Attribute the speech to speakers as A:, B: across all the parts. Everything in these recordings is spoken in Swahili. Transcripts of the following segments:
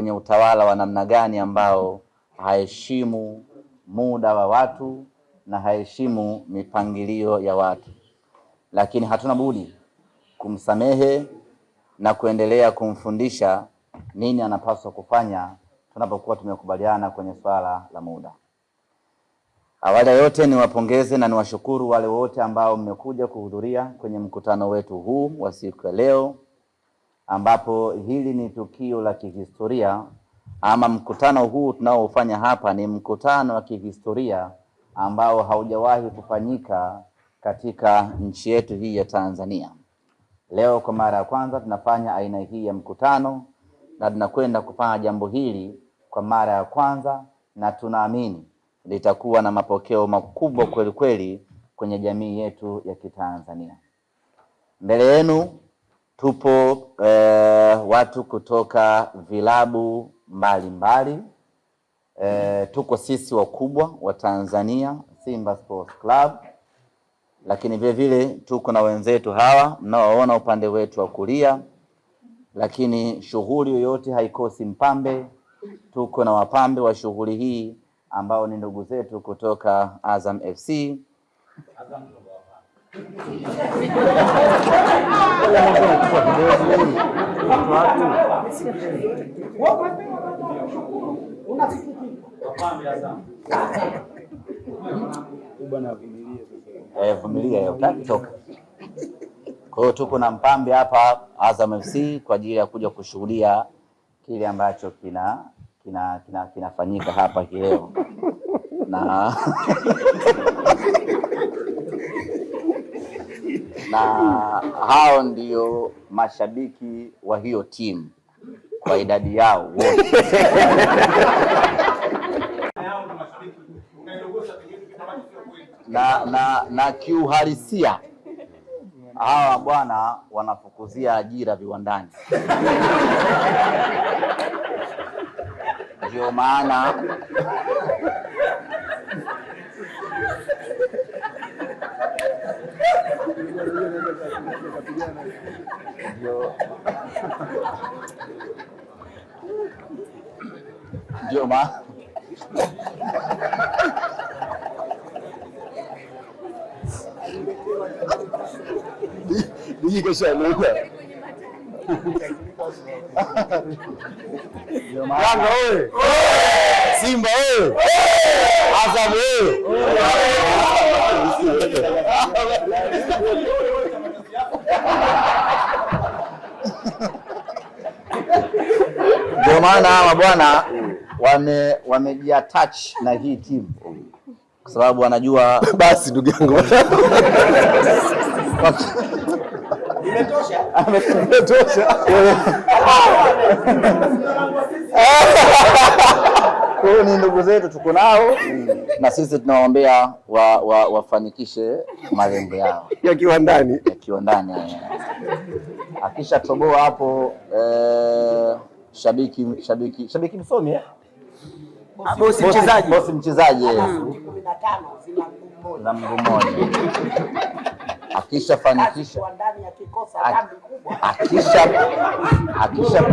A: kwenye utawala wa namna gani ambao haheshimu muda wa watu na haheshimu mipangilio ya watu, lakini hatuna budi kumsamehe na kuendelea kumfundisha nini anapaswa kufanya tunapokuwa tumekubaliana kwenye swala la muda. Awali ya yote niwapongeze na niwashukuru wale wote ambao mmekuja kuhudhuria kwenye mkutano wetu huu wa siku ya leo ambapo hili ni tukio la kihistoria ama mkutano huu tunaofanya hapa ni mkutano wa kihistoria ambao haujawahi kufanyika katika nchi yetu hii ya Tanzania. Leo kwa mara ya kwanza tunafanya aina hii ya mkutano na tunakwenda kufanya jambo hili kwa mara ya kwanza, na tunaamini litakuwa na mapokeo makubwa kweli kweli kwenye jamii yetu ya Kitanzania. Mbele yenu tupo eh, watu kutoka vilabu mbalimbali eh, tuko sisi wakubwa wa Tanzania Simba Sports Club, lakini vile vile tuko na wenzetu hawa mnaoona upande wetu wa kulia, lakini shughuli yoyote haikosi mpambe. Tuko na wapambe wa shughuli hii ambao ni ndugu zetu kutoka Azam FC Azam. Eh, vumilia tuko na mpambe hapa Azam FC kwa ajili ya kuja kushuhudia kile ambacho kina kina kinafanyika hapa kileo na na hao ndio mashabiki wa hiyo timu kwa idadi yao na, na, na kiuhalisia hawa bwana wanafukuzia ajira viwandani ndio maana Yo. Yo más. Diga que você é louca. Dragão! Simba! maana hawa bwana wame wamejiattach na hii timu kwa sababu wanajua basi ndugu yangu imetosha huyu ni ndugu zetu tuko nao na sisi tunawaombea wa, wa, wafanikishe malengo yao ya kiwandani ya kiwandani eh. akishatoboa hapo eh, shabiki shabiki shabiki msomi eh, ah, bosi mchezaji, bosi mchezaji eh? ah. na mguu mmoja akishafanikisha akisha akisha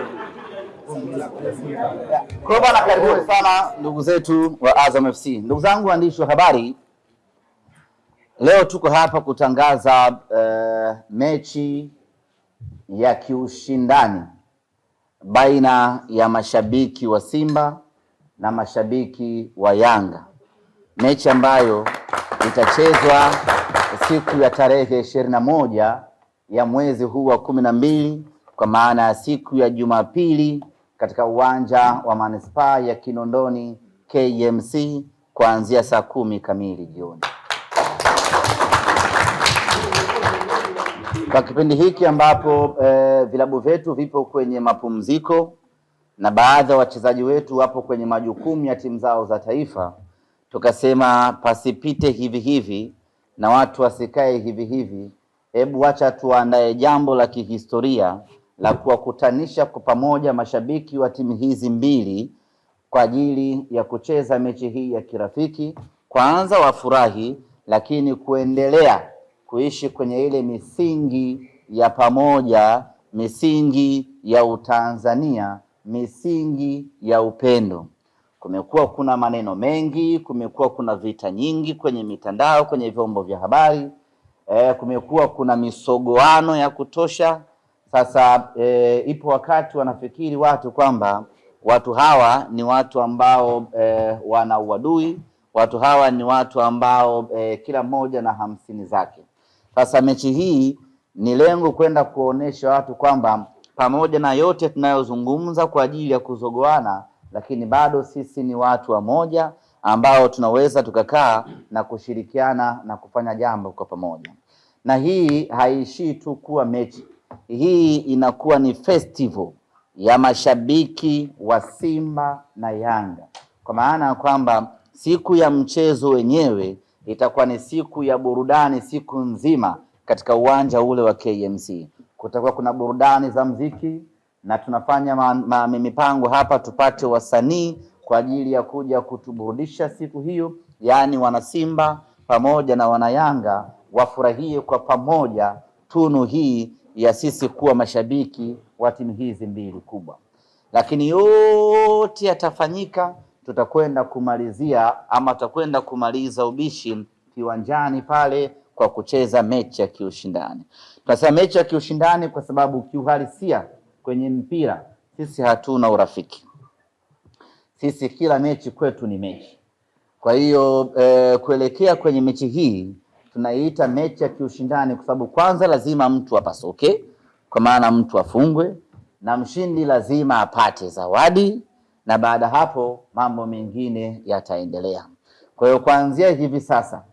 A: Kwa bana, karibuni sana ndugu zetu wa Azam FC. Ndugu zangu waandishi wa habari, leo tuko hapa kutangaza uh, mechi ya kiushindani baina ya mashabiki wa Simba na mashabiki wa Yanga, mechi ambayo itachezwa siku ya tarehe ishirini na moja ya mwezi huu wa kumi na mbili kwa maana ya siku ya Jumapili katika uwanja wa manispaa ya Kinondoni KMC kuanzia saa kumi kamili jioni. Kwa kipindi hiki ambapo eh, vilabu vyetu vipo kwenye mapumziko na baadhi ya wachezaji wetu wapo kwenye majukumu ya timu zao za taifa, tukasema pasipite hivi hivi na watu wasikae hivi hivi. Hebu wacha tuandae jambo la kihistoria la kuwakutanisha kwa pamoja mashabiki wa timu hizi mbili kwa ajili ya kucheza mechi hii ya kirafiki. Kwanza wafurahi, lakini kuendelea kuishi kwenye ile misingi ya pamoja, misingi ya Utanzania, misingi ya upendo. Kumekuwa kuna maneno mengi, kumekuwa kuna vita nyingi kwenye mitandao, kwenye vyombo vya habari e, kumekuwa kuna misogoano ya kutosha. Sasa e, ipo wakati wanafikiri watu kwamba watu hawa ni watu ambao e, wana uadui, watu hawa ni watu ambao e, kila mmoja na hamsini zake. Sasa mechi hii ni lengo kwenda kuonesha watu kwamba pamoja na yote tunayozungumza kwa ajili ya kuzogoana, lakini bado sisi ni watu wamoja ambao tunaweza tukakaa na kushirikiana na kufanya jambo kwa pamoja, na hii haiishii tu kuwa mechi hii inakuwa ni festival ya mashabiki wa Simba na Yanga, kwa maana ya kwamba siku ya mchezo wenyewe itakuwa ni siku ya burudani siku nzima katika uwanja ule wa KMC. Kutakuwa kuna burudani za mziki na tunafanya ma, ma, mipango hapa tupate wasanii kwa ajili ya kuja kutuburudisha siku hiyo, yaani wanasimba pamoja na wanayanga wafurahie kwa pamoja tunu hii ya sisi kuwa mashabiki wa timu hizi mbili kubwa, lakini yote yatafanyika, tutakwenda kumalizia ama tutakwenda kumaliza ubishi kiwanjani pale kwa kucheza mechi ya kiushindani. Tunasema mechi ya kiushindani kwa sababu kiuhalisia, kwenye mpira sisi hatuna urafiki, sisi kila mechi kwetu ni mechi. Kwa hiyo e, kuelekea kwenye mechi hii tunaiita mechi ya kiushindani kwa sababu kwanza lazima mtu apasoke, kwa maana mtu afungwe, na mshindi lazima apate zawadi, na baada hapo mambo mengine yataendelea. Kwa hiyo kuanzia hivi sasa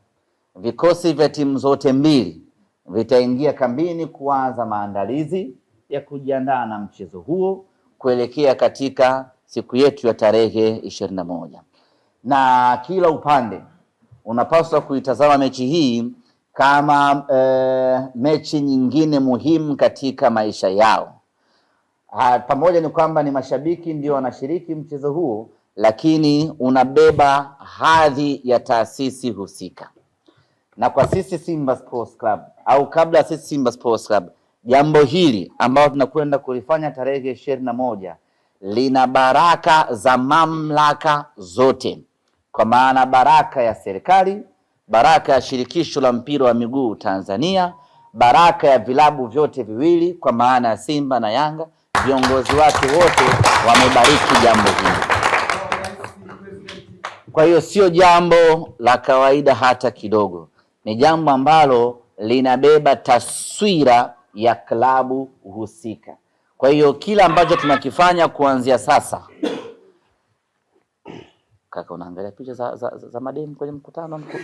A: vikosi vya timu zote mbili vitaingia kambini kuanza maandalizi ya kujiandaa na mchezo huo kuelekea katika siku yetu ya tarehe ishirini na moja na kila upande unapaswa kuitazama mechi hii kama e, mechi nyingine muhimu katika maisha yao. Ha, ah, pamoja ni kwamba ni mashabiki ndio wanashiriki mchezo huo lakini unabeba hadhi ya taasisi husika. Na kwa sisi Simba Sports Club au kabla ya sisi Simba Sports Club, jambo hili ambalo tunakwenda kulifanya tarehe ishirini na moja lina baraka za mamlaka zote kwa maana baraka ya serikali, baraka ya shirikisho la mpira wa miguu Tanzania, baraka ya vilabu vyote viwili kwa maana ya Simba na Yanga, viongozi wake wote wamebariki jambo hili. Kwa hiyo sio jambo la kawaida hata kidogo, ni jambo ambalo linabeba taswira ya klabu husika. Kwa hiyo kila ambacho tunakifanya kuanzia sasa Kaka, unaangalia picha za, za, za, za mademu kwenye mkutano mkuu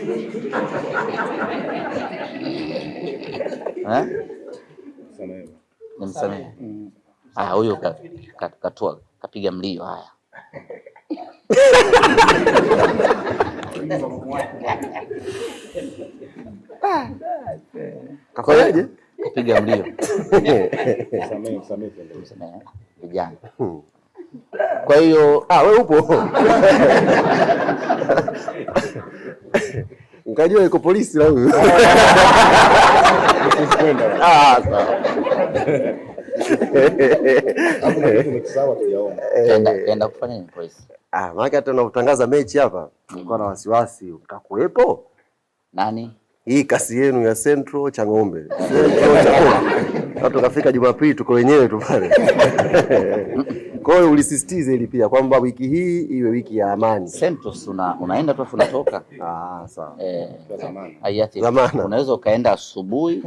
A: eh? nimsamehe. Mm. Haya, huyo katua kapiga mlio. Haya, Kapiga mlio, vijana hmm. Kwa hiyo ah, wewe upo nkajua iko polisi la huyu ah, maanake hata unapotangaza mechi hapa tulikuwa na wasiwasi, mtakuwepo nani? Hii kasi yenu ya Central cha ng'ombe tukafika Jumapili tuko wenyewe tu pale kwa hiyo ulisisitiza ili pia kwamba wiki hii iwe wiki ya amani. Sentos una, unaenda tu unatoka. Ah, sawa. Eh, hayati. Unaweza ukaenda asubuhi.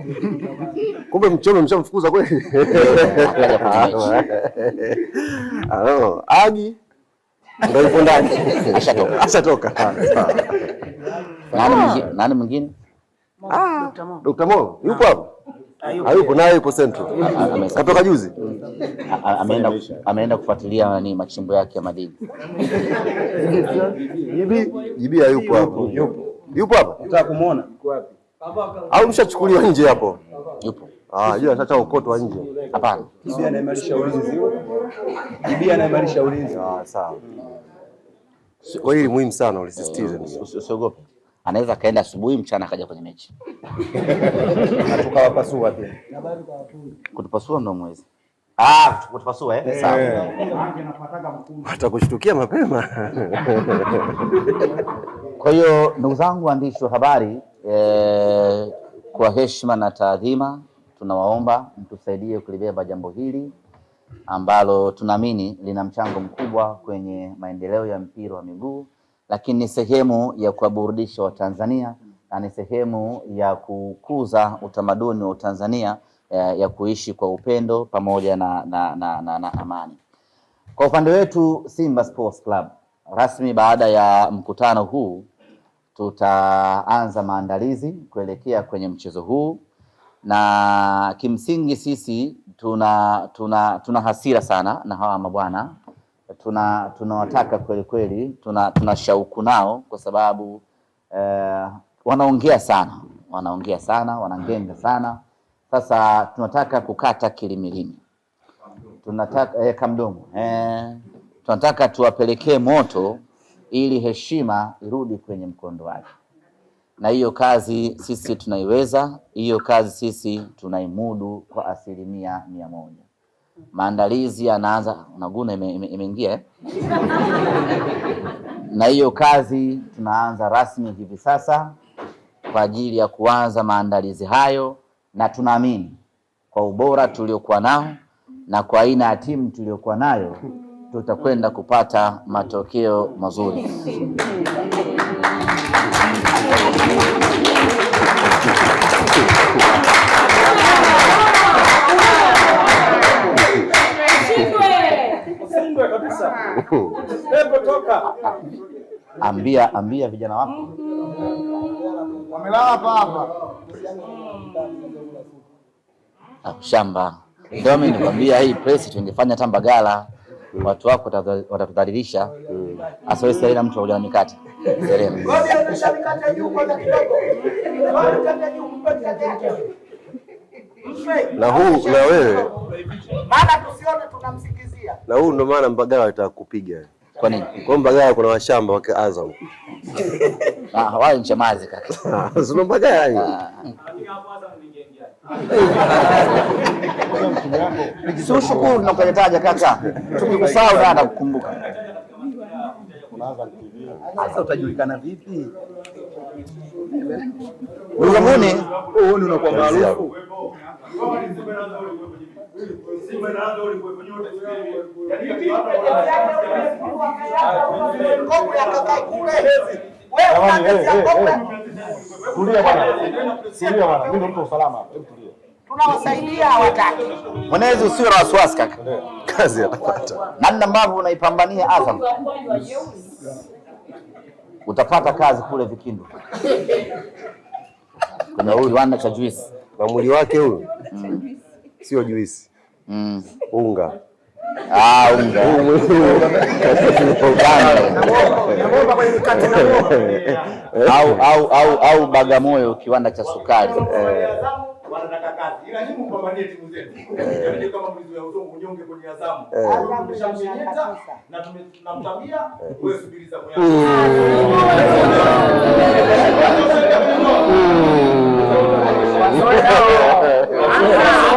A: Kumbe mchome mshamfukuza kweli. Ah, agi ndio ndani. Ashatoka. Ashatoka. Ah, nani mwingine? Nani mwingine? Ah, Dr. Mo. Yupo ah. hapo? Hayuko naye yuko Central, katoka juzi, ameenda ameenda kufuatilia nani machimbo yake ya madini. Jibi Jibi hayupo hapo, yupo hapa, nataka kumuona au mshachukuliwa nje hapo? Yupo sasa ah, ukotwa nje? Hapana, Jibi anaimarisha ulinzi, Jibi anaimarisha ulinzi. Ah, sawa, kwa hili muhimu sana ulisisitize, eh, usiogope anaweza akaenda asubuhi, mchana akaja kwenye mechi tukawapasua kutupasua, ndo mwezi Ah, kutupasua eh? eh sawa. Eh. atakushtukia mapema. Kwa hiyo ndugu zangu waandishi wa habari eh, kwa heshima na taadhima tunawaomba mtusaidie kulibeba jambo hili ambalo tunaamini lina mchango mkubwa kwenye maendeleo ya mpira wa miguu lakini ni sehemu ya kuwaburudisha Watanzania na ni sehemu ya kukuza utamaduni wa Tanzania ya, eh, ya kuishi kwa upendo pamoja na, na, na, na, na amani. Kwa upande wetu Simba Sports Club rasmi, baada ya mkutano huu tutaanza maandalizi kuelekea kwenye mchezo huu, na kimsingi sisi tuna, tuna, tuna hasira sana na hawa mabwana tuna tunawataka kweli kweli, tuna, tuna shauku nao kwa sababu eh, wanaongea sana wanaongea sana wanangenga sana. Sasa tunataka kukata kilimilimi, tunataka eh, kamdomo eh, tunataka tuwapelekee moto ili heshima irudi kwenye mkondo wake, na hiyo kazi sisi tunaiweza, hiyo kazi sisi tunaimudu kwa asilimia mia moja maandalizi yanaanza, naguna imeingia ime, eh? na hiyo kazi tunaanza rasmi hivi sasa kwa ajili ya kuanza maandalizi hayo, na tunaamini kwa ubora tuliokuwa nao na kwa aina ya timu tuliokuwa nayo tutakwenda kupata matokeo mazuri. toka. ambia, ambia vijana wako wamelala hapa hapa akushamba. Ah, Ndio mimi nikwambia hii press tungefanya hata Mbagala watu wako watatudhalilisha. sasa, hmm. Serena mtu wa mikate na huu na wewe, maana tusione tunamsikiliza na huu ndo maana Mbagala alitaka kupiga. Kwa nini? Kwa Mbagala kuna washamba wake Azam. Ah, wao ni chamazi kaka. Ah, Sio Mbagala yani. Ah. Sio shukuru na kujitaja kaka. Tukikusahau na kukumbuka. Sasa utajulikana vipi? Wewe wewe Unakuwa maarufu tunawasaidia hawataki. na wasiwasi kaka, kazi atapata. Namna ambavyo unaipambania Azam utapata kazi kule Vikindu kuna huyu Rwanda cha juisi kwa mwili wake huyu mm sio juisi mm. unga ah, au, Bagamoyo kiwanda cha sukari eh. Eh. Eh. Mm. Mm.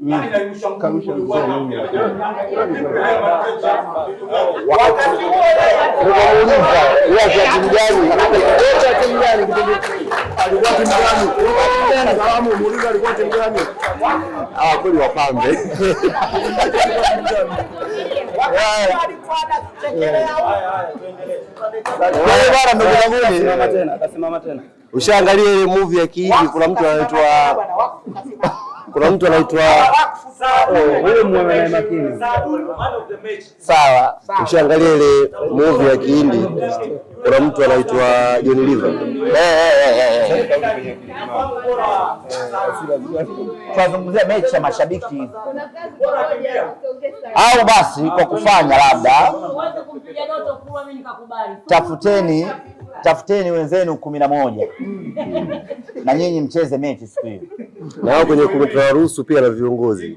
A: Nikamuuliza yeye timu kweli wapambe ushaangalia ile movie ya Kihindi, kuna mtu anaitwa kuna mtu anaitwa oh, makini sawa. Ushaangalia ile movie ya Kihindi, kuna mtu anaitwa Johnny Liver. Eh, eh, eh, Tunazungumzia mechi ya mashabiki au basi, kwa kufanya labda tafuteni tafuteni wenzenu kumi na moja mm. na nyinyi mcheze mechi siku hiyo, na wao kwenye kuruhusu pia na viongozi